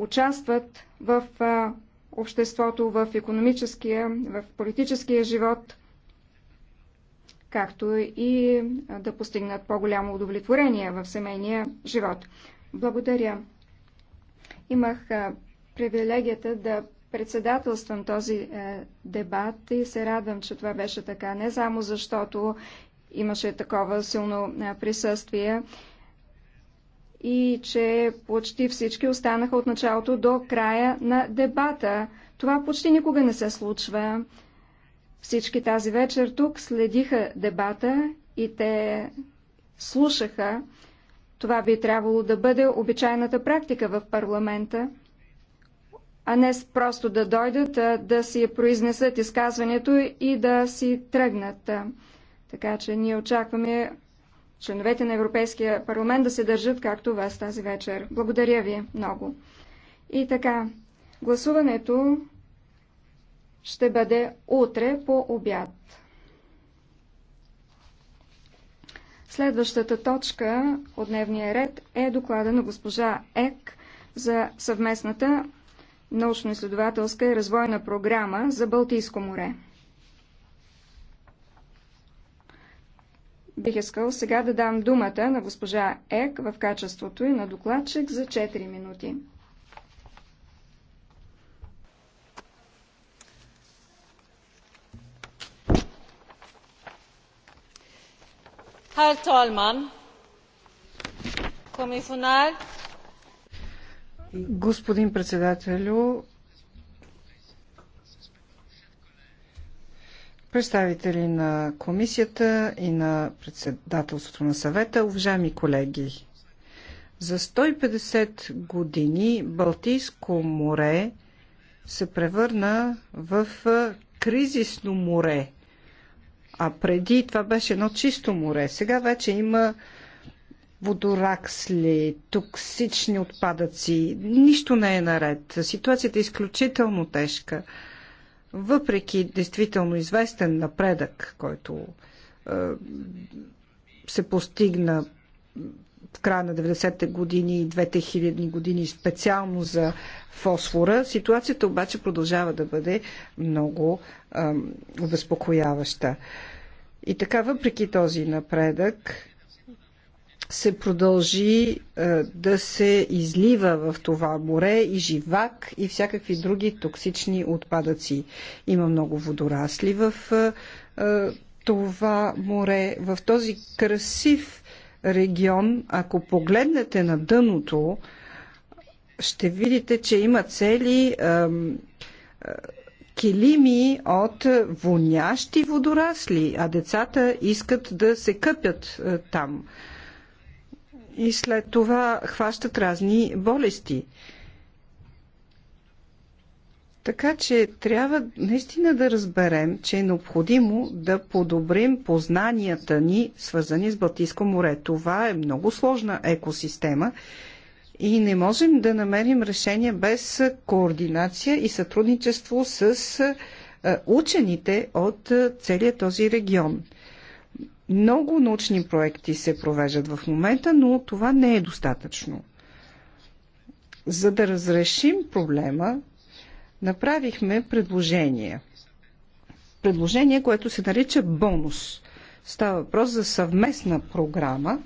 участват в обществото, в економическия, в политическия живот, както и да постигнат по-голямо удовлетворение в семейния живот. Благодаря. Имах привилегията да председателствам този е, дебат и се радвам, че това беше така. Не само защото имаше такова силно е, присъствие и че почти всички останаха от началото до края на дебата. Това почти никога не се случва. Всички тази вечер тук следиха дебата и те слушаха. Това би трябвало да бъде обичайната практика в парламента, а не просто да дойдат, да си произнесат изказването и да си тръгнат. Така че ние очакваме членовете на Европейския парламент да се държат както вас тази вечер. Благодаря ви много. И така, гласуването ще бъде утре по обяд. Следващата точка от дневния ред е доклада на госпожа Ек за съвместната научно-изследователска и развойна програма за Балтийско море. Бих искал сега да дам думата на госпожа Ек в качеството и на докладчик за 4 минути. Толман, talman, Господин председателю, представители на комисията и на председателството на съвета, уважаеми колеги. За 150 години Балтийско море се превърна в кризисно море. А преди това беше едно чисто море. Сега вече има водораксли, токсични отпадъци. Нищо не е наред. Ситуацията е изключително тежка въпреки действително известен напредък, който е, се постигна в края на 90-те години и 2000-ни години специално за фосфора, ситуацията обаче продължава да бъде много е, обезпокояваща. И така, въпреки този напредък, се продължи е, да се излива в това море и живак и всякакви други токсични отпадъци. Има много водорасли в е, е, това море. В този красив регион, ако погледнете на дъното, ще видите, че има цели килими от вонящи водорасли, а децата искат да се къпят там и след това хващат разни болести. Така че трябва наистина да разберем, че е необходимо да подобрим познанията ни, свързани с Балтийско море. Това е много сложна екосистема и не можем да намерим решение без координация и сътрудничество с учените от целият този регион. Много научни проекти се провеждат в момента, но това не е достатъчно. За да разрешим проблема, направихме предложение. Предложение, което се нарича бонус. Става въпрос за съвместна програма,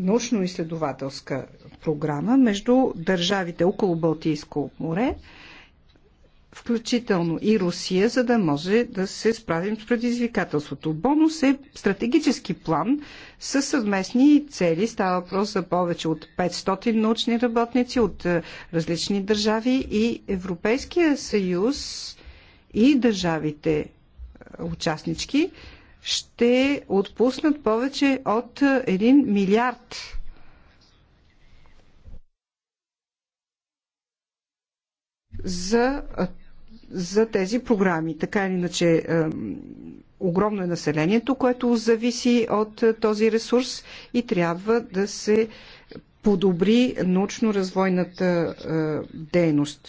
научно-изследователска програма между държавите около Балтийско море – включително и Русия, за да може да се справим с предизвикателството. Бонус е стратегически план с съвместни цели. Става въпрос за повече от 500 научни работници от е, различни държави и Европейския съюз и държавите е, участнички ще отпуснат повече от 1 милиард за за тези програми. Така или иначе, огромно е населението, което зависи от този ресурс и трябва да се подобри научно-развойната дейност,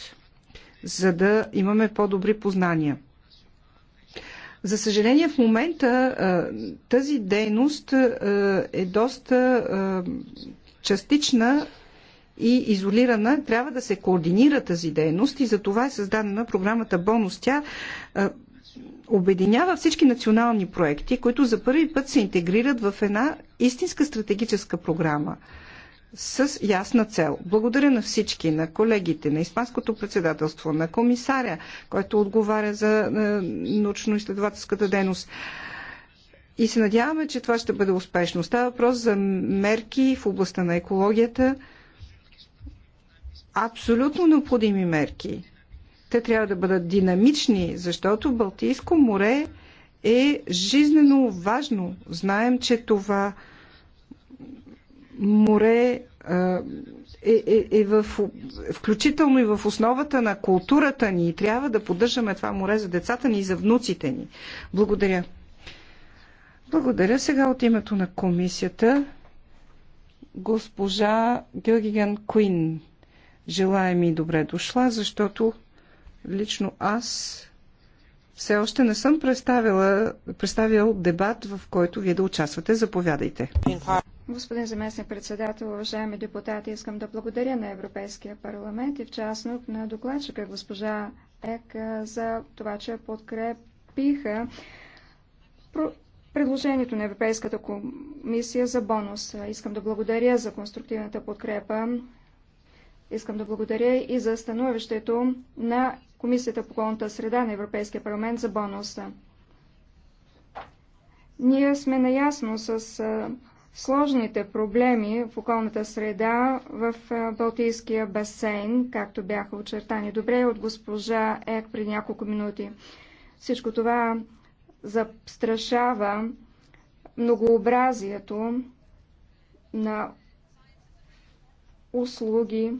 за да имаме по-добри познания. За съжаление, в момента тази дейност е доста частична и изолирана, трябва да се координира тази дейност и за това е създадена програмата Бонус. Тя е, обединява всички национални проекти, които за първи път се интегрират в една истинска стратегическа програма с ясна цел. Благодаря на всички, на колегите, на Испанското председателство, на комисаря, който отговаря за е, научно-изследователската дейност. И се надяваме, че това ще бъде успешно. Става въпрос за мерки в областта на екологията, абсолютно необходими мерки. Те трябва да бъдат динамични, защото Балтийско море е жизнено важно. Знаем, че това море е, е, е в, включително и в основата на културата ни и трябва да поддържаме това море за децата ни и за внуците ни. Благодаря. Благодаря сега от името на комисията госпожа Гюргиген Куин. Желая ми добре дошла, защото лично аз все още не съм представила, представил дебат, в който вие да участвате. Заповядайте. Господин заместник председател, уважаеми депутати, искам да благодаря на Европейския парламент и в частност на докладчика госпожа Ек за това, че подкрепиха предложението на Европейската комисия за бонус. Искам да благодаря за конструктивната подкрепа Искам да благодаря и за становището на Комисията по околната среда на Европейския парламент за бонуса. Ние сме наясно с сложните проблеми в околната среда в Балтийския басейн, както бяха очертани добре от госпожа Ек преди няколко минути. Всичко това застрашава многообразието на услуги,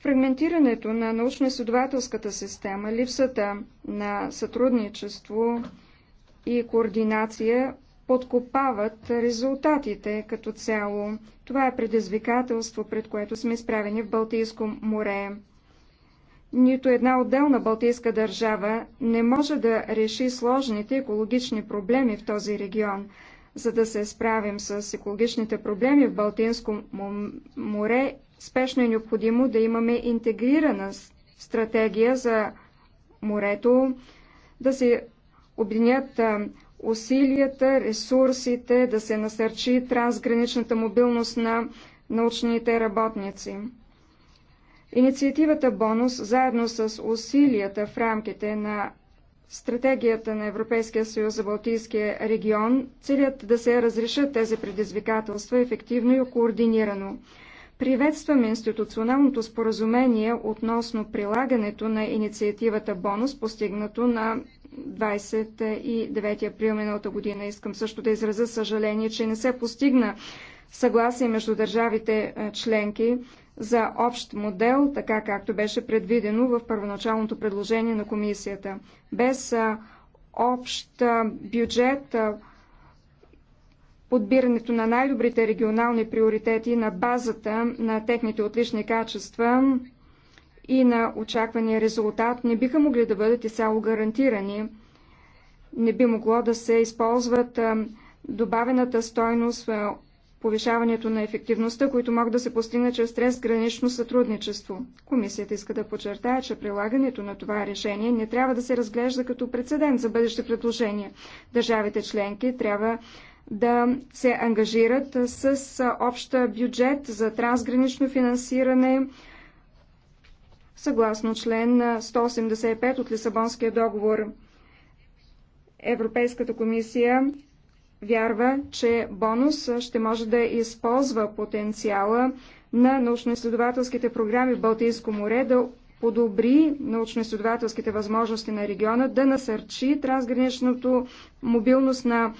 Фрагментирането на научно-изследователската система, липсата на сътрудничество и координация подкопават резултатите като цяло. Това е предизвикателство, пред което сме изправени в Балтийско море. Нито една отделна балтийска държава не може да реши сложните екологични проблеми в този регион. За да се справим с екологичните проблеми в Балтийско море Спешно е необходимо да имаме интегрирана стратегия за морето, да се обединят усилията, ресурсите, да се насърчи трансграничната мобилност на научните работници. Инициативата Бонус, заедно с усилията в рамките на стратегията на Европейския съюз за Балтийския регион, целят да се разрешат тези предизвикателства ефективно и координирано. Приветствам институционалното споразумение относно прилагането на инициативата Бонус, постигнато на 29 април миналата година. Искам също да изразя съжаление, че не се постигна съгласие между държавите членки за общ модел, така както беше предвидено в първоначалното предложение на комисията. Без общ бюджет, подбирането на най-добрите регионални приоритети на базата на техните отлични качества и на очаквания резултат не биха могли да бъдат изцяло гарантирани. Не би могло да се използват добавената стойност, повишаването на ефективността, които могат да се постигнат чрез трансгранично сътрудничество. Комисията иска да подчертая, че прилагането на това решение не трябва да се разглежда като прецедент за бъдещи предложения. Държавите членки трябва да се ангажират с обща бюджет за трансгранично финансиране съгласно член 185 от Лисабонския договор. Европейската комисия вярва, че бонус ще може да използва потенциала на научно-изследователските програми в Балтийско море, да подобри научно-изследователските възможности на региона, да насърчи трансграничното мобилност на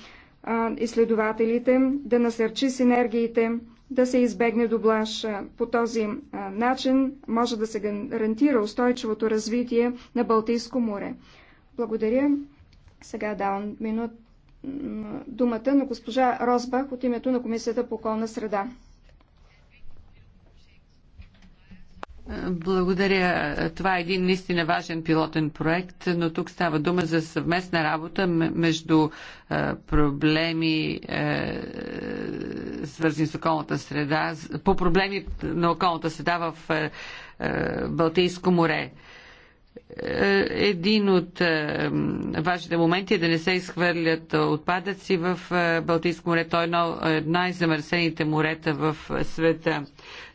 изследователите, да насърчи синергиите, да се избегне доблаж. По този начин може да се гарантира устойчивото развитие на Балтийско море. Благодаря. Сега давам минут думата на госпожа Розбах от името на Комисията по околна среда. Благодаря. Това е един наистина важен пилотен проект, но тук става дума за съвместна работа между проблеми свързани с околната среда, по проблеми на околната среда в Балтийско море. Е, един от важните моменти е да не се изхвърлят отпадъци в Балтийско море. Той е едно, от най замърсените морета в света.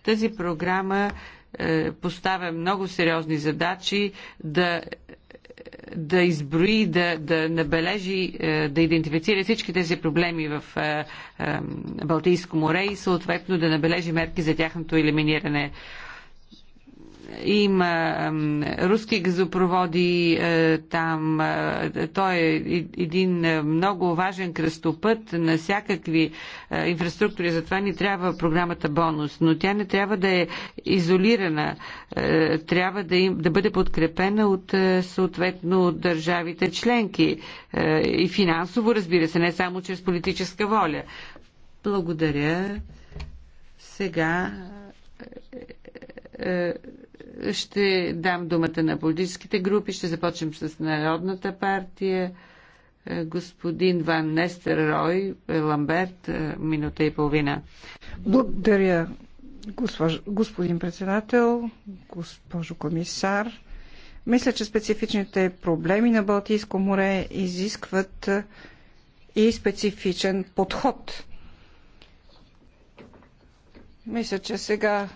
Тази програма е, поставя много сериозни задачи да да изброи, да, да набележи, е, да идентифицира всички тези проблеми в е, Балтийско море и съответно да набележи мерки за тяхното елиминиране има руски газопроводи е, там. Е, той е един е, много важен кръстопът на всякакви инфраструктури. Затова ни трябва програмата бонус. Но тя не трябва да е изолирана. Трябва да, им, да бъде подкрепена от съответно от държавите членки. И финансово, разбира се, не само чрез политическа воля. Благодаря. Сега ще дам думата на политическите групи. Ще започнем с Народната партия. Е, господин Ван Нестер Рой, е, Ламберт, е, минута и половина. Благодаря, госпож... господин председател, госпожо комисар. Мисля, че специфичните проблеми на Балтийско море изискват и специфичен подход. Мисля, че сега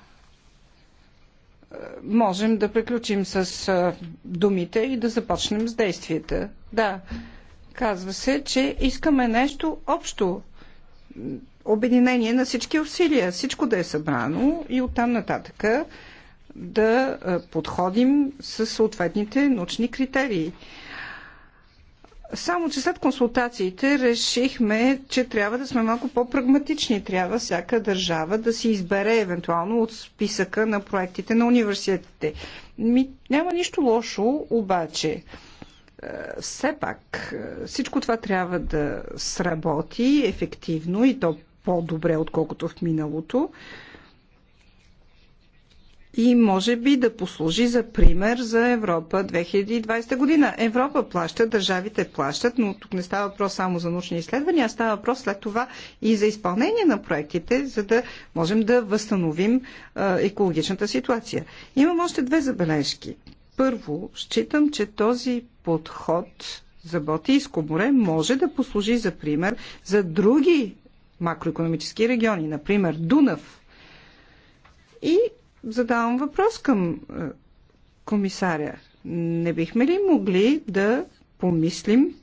можем да приключим с думите и да започнем с действията. Да, казва се, че искаме нещо общо. Обединение на всички усилия, всичко да е събрано и оттам нататък да подходим с съответните научни критерии. Само, че след консултациите решихме, че трябва да сме малко по-прагматични. Трябва всяка държава да си избере евентуално от списъка на проектите на университетите. Ми, няма нищо лошо, обаче е, все пак е, всичко това трябва да сработи ефективно и то по-добре, отколкото в миналото и може би да послужи за пример за Европа 2020 година. Европа плаща, държавите плащат, но тук не става въпрос само за научни изследвания, а става въпрос след това и за изпълнение на проектите, за да можем да възстановим екологичната ситуация. Имам още две забележки. Първо, считам, че този подход за Балтийско море може да послужи за пример за други макроекономически региони, например Дунав. И задавам въпрос към е, комисаря. Не бихме ли могли да помислим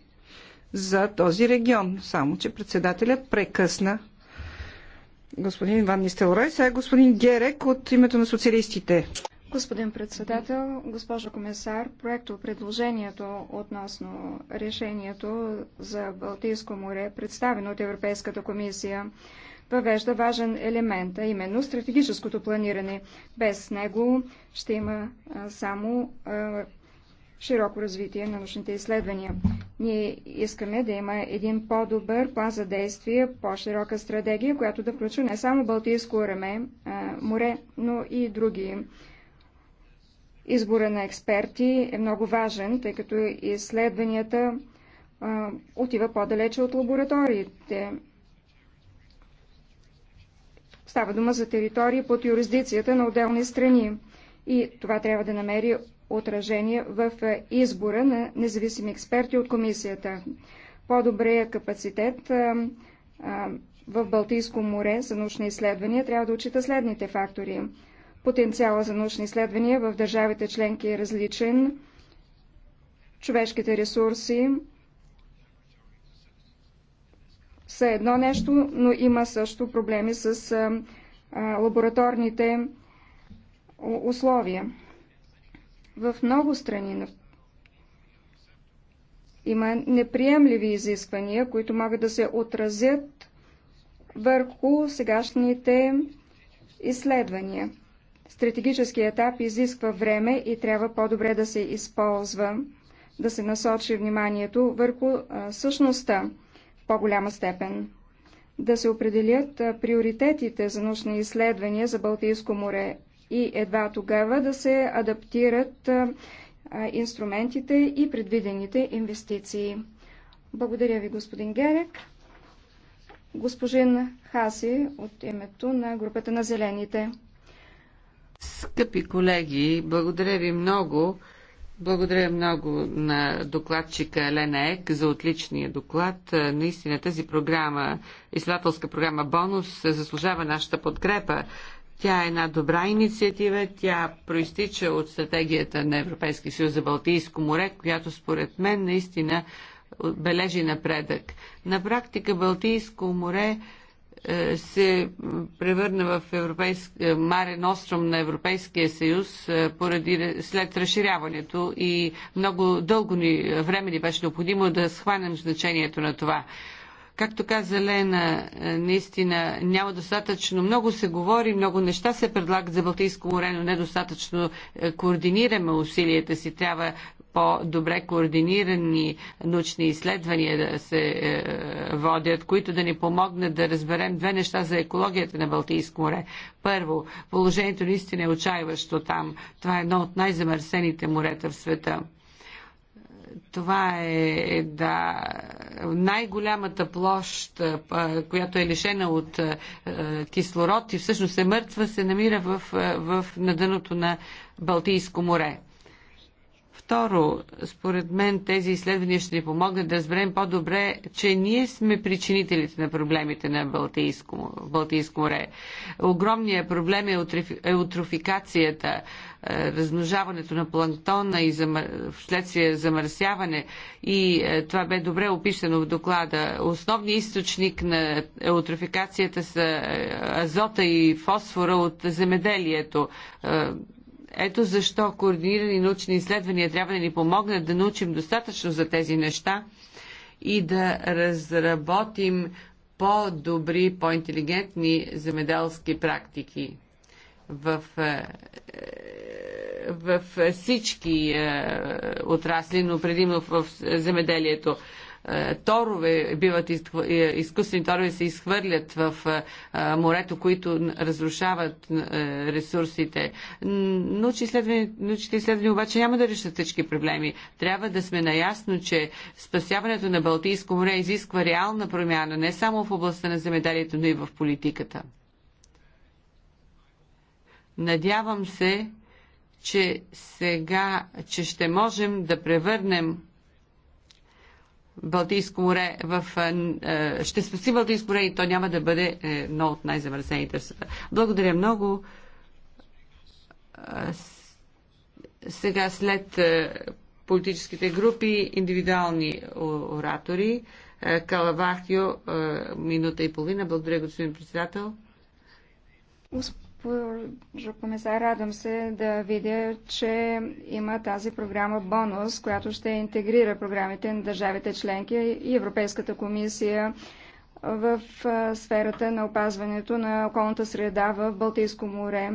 за този регион? Само, че председателят прекъсна господин Ван Нистелрой, сега е господин Герек от името на социалистите. Господин председател, госпожо комисар, проекто предложението относно решението за Балтийско море, представено от Европейската комисия, въвежда важен елемент, а именно стратегическото планиране. Без него ще има само широко развитие на научните изследвания. Ние искаме да има един по-добър план за действие, по-широка стратегия, която да включва не само Балтийско реме, море, но и други. Избора на експерти е много важен, тъй като изследванията отива по-далече от лабораториите. Става дума за територии под юрисдикцията на отделни страни. И това трябва да намери отражение в е, избора на независими експерти от комисията. По-добрия е капацитет е, в Балтийско море за научни изследвания трябва да отчита следните фактори. Потенциала за научни изследвания в държавите членки е различен. Човешките ресурси, са едно нещо, но има също проблеми с лабораторните условия. В много страни има неприемливи изисквания, които могат да се отразят върху сегашните изследвания. Стратегически етап изисква време и трябва по-добре да се използва, да се насочи вниманието върху а, същността по-голяма степен. Да се определят приоритетите за научни изследвания за Балтийско море и едва тогава да се адаптират инструментите и предвидените инвестиции. Благодаря ви, господин Герек. Госпожин Хаси от името на групата на Зелените. Скъпи колеги, благодаря ви много благодаря много на докладчика Елена Ек за отличния доклад. Е, наистина тази програма, изследователска програма Бонус, е, заслужава нашата подкрепа. Тя е една добра инициатива, тя проистича от стратегията на Европейския съюз за Балтийско море, която според мен наистина бележи напредък. На практика Балтийско море е, се превърна в Маре Марен Остром на Европейския съюз е, поради, след разширяването и много дълго ни време ни беше необходимо да схванем значението на това. Както каза Лена, е, наистина няма достатъчно. Много се говори, много неща се предлагат за Балтийско море, но недостатъчно координираме усилията си. Трябва по-добре координирани научни изследвания да се е, водят, които да ни помогнат да разберем две неща за екологията на Балтийско море. Първо, положението наистина е отчаиващо там. Това е едно от най-замърсените морета в света това е, е да, най-голямата площ, е, която е лишена от е, кислород и всъщност е мъртва, се намира в, в, на дъното на Балтийско море. Второ, според мен тези изследвания ще ни помогнат да разберем по-добре, че ние сме причинителите на проблемите на Балтийско, Балтийско море. Огромният проблем е еутрофикацията, е е, размножаването на планктона и замър... вследствие замърсяване. И е, това бе добре описано в доклада. Основният източник на еутрофикацията са азота и фосфора от земеделието ето защо координирани научни изследвания трябва да ни помогнат да научим достатъчно за тези неща и да разработим по-добри, по-интелигентни земеделски практики в, е, в всички е, отрасли, но предимно в земеделието. Е, торове биват е, изкуствени торове се изхвърлят в е, морето, които разрушават ресурсите. Научни изследвания, научните изследвания обаче няма да решат всички проблеми. Трябва да сме наясно, че спасяването на Балтийско море изисква реална промяна не само в областта на земеделието, но и в политиката. Надявам се, че сега, че ще можем да превърнем Балтийско море в, е, е, ще спаси Балтийско море и то няма да бъде е, едно от най-замърсените в света. Благодаря много. Сега след е, политическите групи, индивидуални оратори. Калавахио, минута и половина. Благодаря, господин председател. Госпожо комисар, радвам се да видя, че има тази програма бонус, която ще интегрира програмите на държавите членки и Европейската комисия в сферата на опазването на околната среда в Балтийско море.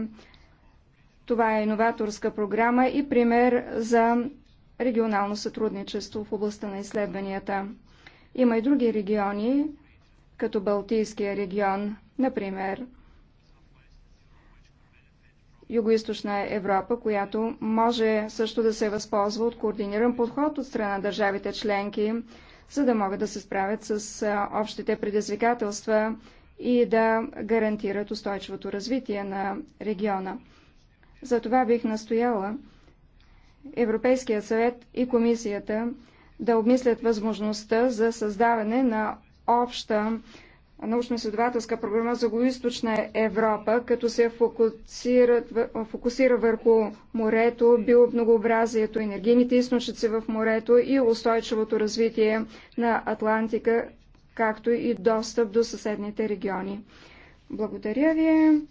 Това е иноваторска програма и пример за регионално сътрудничество в областта на изследванията. Има и други региони, като Балтийския регион, например Югоизточна Европа, която може също да се възползва от координиран подход от страна на държавите членки, за да могат да се справят с общите предизвикателства и да гарантират устойчивото развитие на региона. За това бих настояла Европейския съвет и комисията да обмислят възможността за създаване на обща научно-изследователска програма за Гоизточна Европа, като се фокусира, фокусира върху морето, биомногообразието, енергийните източници в морето и устойчивото развитие на Атлантика, както и достъп до съседните региони. Благодаря ви.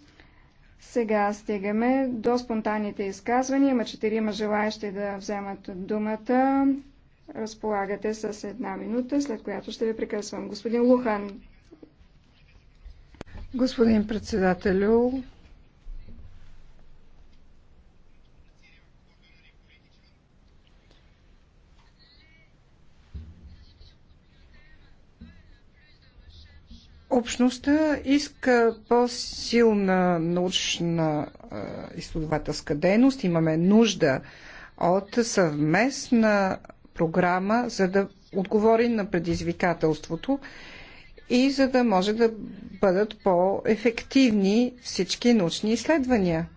Сега стигаме до спонтанните изказвания. Има четирима желаящи да вземат думата. Разполагате с една минута, след която ще ви прекъсвам. Господин Лухан, Господин председателю, Общността иска по-силна научна изследователска дейност. Имаме нужда от съвместна програма, за да отговори на предизвикателството и за да може да бъдат по-ефективни всички научни изследвания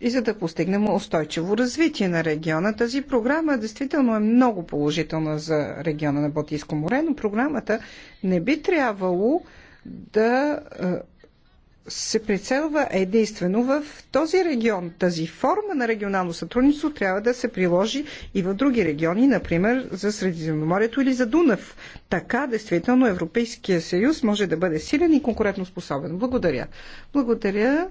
и за да постигнем устойчиво развитие на региона. Тази програма действително е много положителна за региона на Балтийско море, но програмата не би трябвало да е, се прицелва единствено в този регион. Тази форма на регионално сътрудничество трябва да се приложи и в други региони, например за Средиземноморието или за Дунав. Така, действително, Европейския съюз може да бъде силен и способен. Благодаря. Благодаря.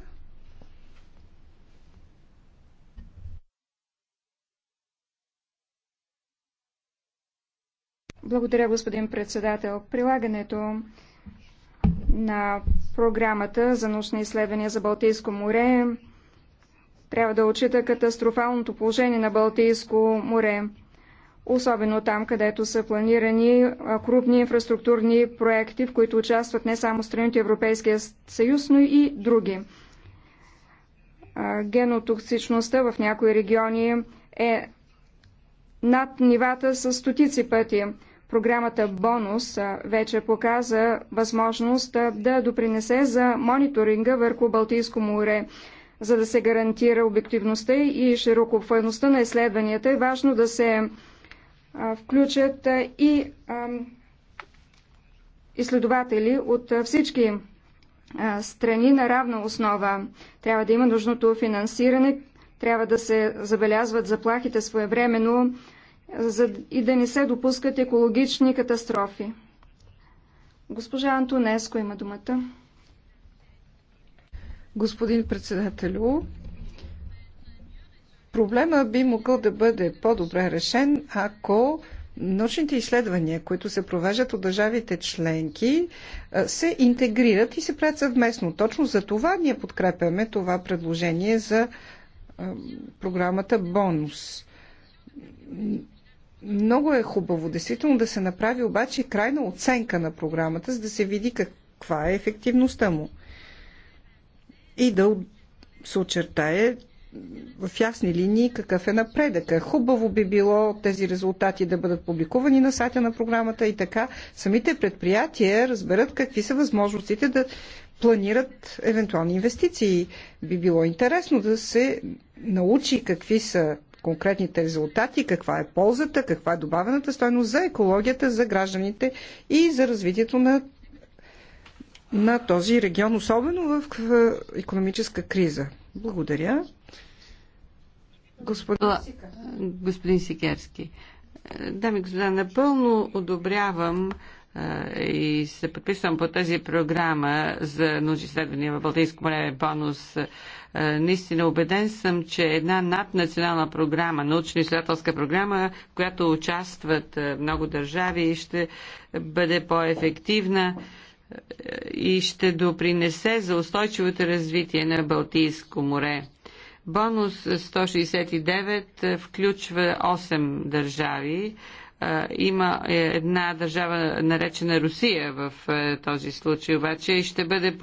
Благодаря, господин председател. Прилагането на Програмата за научни изследвания за Балтийско море трябва да отчита катастрофалното положение на Балтийско море, особено там, където са планирани крупни инфраструктурни проекти, в които участват не само страните Европейския съюз, но и други. Генотоксичността в някои региони е над нивата с стотици пъти. Програмата Бонус вече показа възможност да допринесе за мониторинга върху Балтийско море. За да се гарантира обективността и широкофойността на изследванията, е важно да се включат и изследователи от всички страни на равна основа. Трябва да има нужното финансиране, трябва да се забелязват заплахите своевременно, за, и да не се допускат екологични катастрофи. Госпожа Антонеско има думата. Господин председателю, проблема би могъл да бъде по-добре решен, ако научните изследвания, които се провеждат от държавите членки, се интегрират и се правят съвместно. Точно за това ние подкрепяме това предложение за програмата Бонус много е хубаво, действително, да се направи обаче крайна оценка на програмата, за да се види каква е ефективността му. И да се очертае в ясни линии какъв е напредъка. Хубаво би било тези резултати да бъдат публикувани на сайта на програмата и така самите предприятия разберат какви са възможностите да планират евентуални инвестиции. Би било интересно да се научи какви са конкретните резултати, каква е ползата, каква е добавената стойност за екологията, за гражданите и за развитието на, на този регион, особено в економическа криза. Благодаря. Господин, господин Сикерски. Дами и господа, напълно одобрявам и се подписвам по тази програма за научни изследвания в Балтийско море бонус. Наистина убеден съм, че една наднационална програма, научно-изследователска програма, в която участват много държави, ще бъде по-ефективна и ще допринесе за устойчивото развитие на Балтийско море. Бонус 169 включва 8 държави има е, една държава наречена Русия в е, този случай, обаче и ще бъде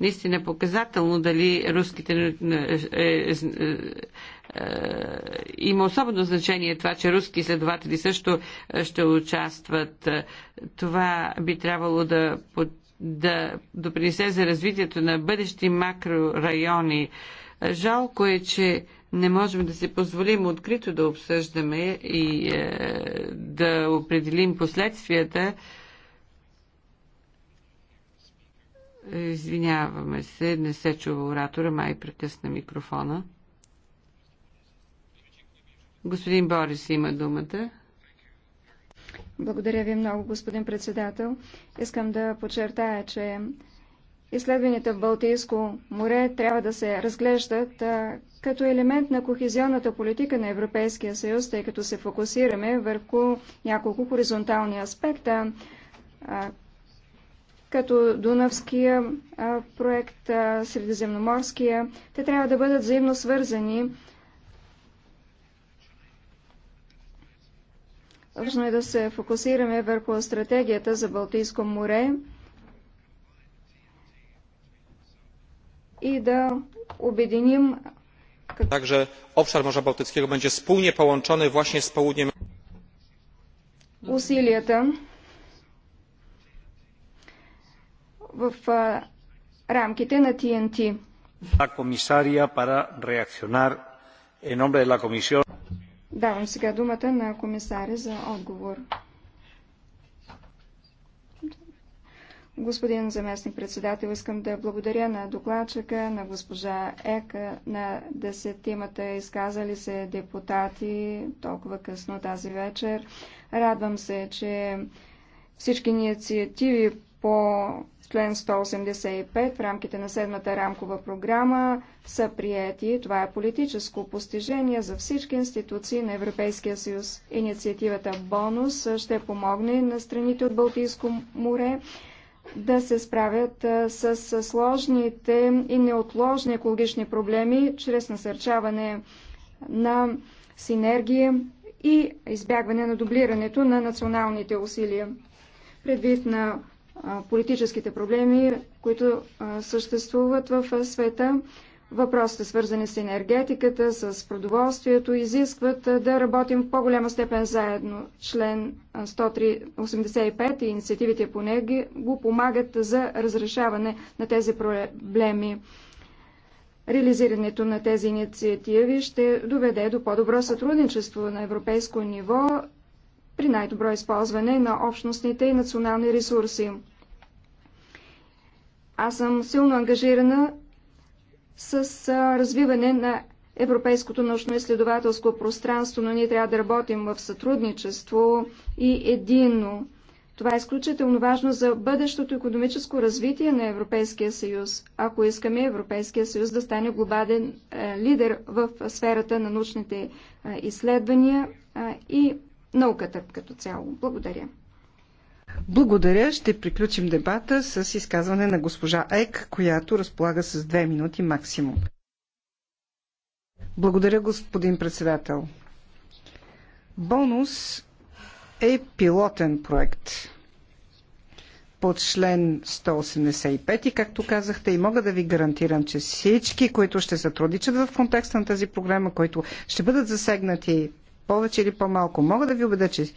наистина показателно дали руските е, има особено значение това, че руски следователи също ще участват. Това би трябвало да, да допринесе за развитието на бъдещи макрорайони. Жалко е, че не можем да си позволим открито да обсъждаме и е, да определим последствията. Извиняваме се, не се чува оратора, май прекъсна микрофона. Господин Борис има думата. Благодаря ви много, господин председател. Искам да подчертая, че Изследванията в Балтийско море трябва да се разглеждат а, като елемент на кохезионната политика на Европейския съюз, тъй като се фокусираме върху няколко хоризонтални аспекта, а, като Дунавския а, проект, а, Средиземноморския. Те трябва да бъдат взаимно свързани. Важно е да се фокусираме върху стратегията за Балтийско море. i da обединим Także obszar Morza Bałtyckiego będzie wspólnie połączony właśnie z południem. Усилията в рамките na TNT. La комисария para reaccionar en nombre de la comisión. Давам сега думата на комисаря за отговор. Господин заместник председател, искам да благодаря на докладчика, на госпожа Ека, на десетимата изказали се депутати толкова късно тази вечер. Радвам се, че всички инициативи по член 185 в рамките на седмата рамкова програма са приети. Това е политическо постижение за всички институции на Европейския съюз. Инициативата Бонус ще помогне на страните от Балтийско море да се справят с сложните и неотложни екологични проблеми чрез насърчаване на синергия и избягване на дублирането на националните усилия. Предвид на политическите проблеми, които съществуват в света, Въпросите, свързани с енергетиката, с продоволствието, изискват да работим в по-голяма степен заедно. Член 185 и инициативите по него го помагат за разрешаване на тези проблеми. Реализирането на тези инициативи ще доведе до по-добро сътрудничество на европейско ниво при най-добро използване на общностните и национални ресурси. Аз съм силно ангажирана с развиване на европейското научно-изследователско пространство, но ние трябва да работим в сътрудничество и единно. Това е изключително важно за бъдещото економическо развитие на Европейския съюз, ако искаме Европейския съюз да стане глобален лидер в сферата на научните изследвания и науката като цяло. Благодаря. Благодаря. Ще приключим дебата с изказване на госпожа Ек, която разполага с две минути максимум. Благодаря, господин председател. Бонус е пилотен проект по член 185 и както казахте и мога да ви гарантирам, че всички, които ще сътрудничат в контекста на тази програма, които ще бъдат засегнати повече или по-малко, мога да ви убедя, че е,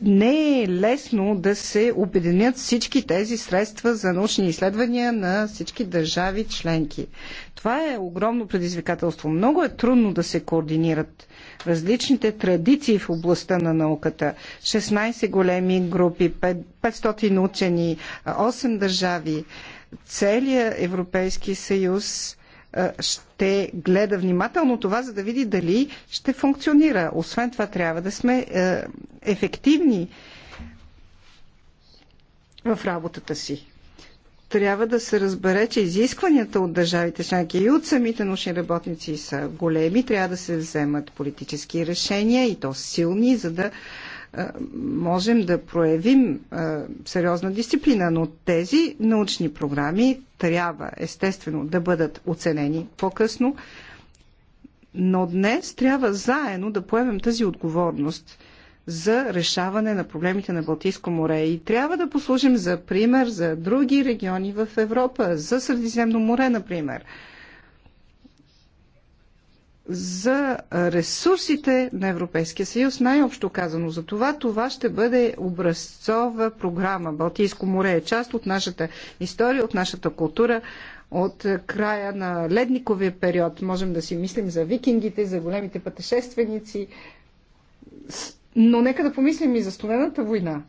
не е лесно да се обединят всички тези средства за научни изследвания на всички държави членки. Това е огромно предизвикателство. Много е трудно да се координират различните традиции в областта на науката. 16 големи групи, 500 учени, 8 държави, целият Европейски съюз е, ще гледа внимателно това, за да види дали ще функционира. Освен това, трябва да сме е, ефективни в работата си. Трябва да се разбере, че изискванията от държавите членки и от самите научни работници са големи. Трябва да се вземат политически решения и то силни, за да е, можем да проявим е, сериозна дисциплина, но тези научни програми трябва естествено да бъдат оценени по-късно, но днес трябва заедно да поемем тази отговорност за решаване на проблемите на Балтийско море. И трябва да послужим за пример за други региони в Европа, за Средиземно море, например за ресурсите на Европейския съюз, най-общо казано. За това това ще бъде образцова програма. Балтийско море е част от нашата история, от нашата култура, от края на ледниковия период. Можем да си мислим за викингите, за големите пътешественици, но нека да помислим и за студената война.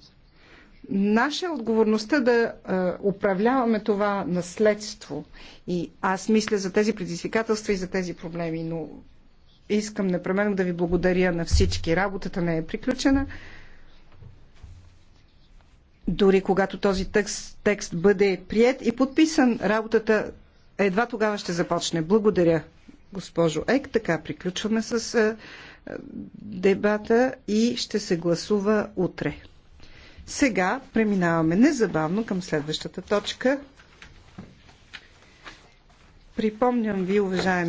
Наша е отговорността да е, управляваме това наследство. И аз мисля за тези предизвикателства и за тези проблеми, но Искам непременно да ви благодаря на всички. Работата не е приключена. Дори когато този текст, текст бъде прият и подписан, работата едва тогава ще започне. Благодаря, госпожо Ек. Така приключваме с е, дебата и ще се гласува утре. Сега преминаваме незабавно към следващата точка. Припомням ви, уважаеми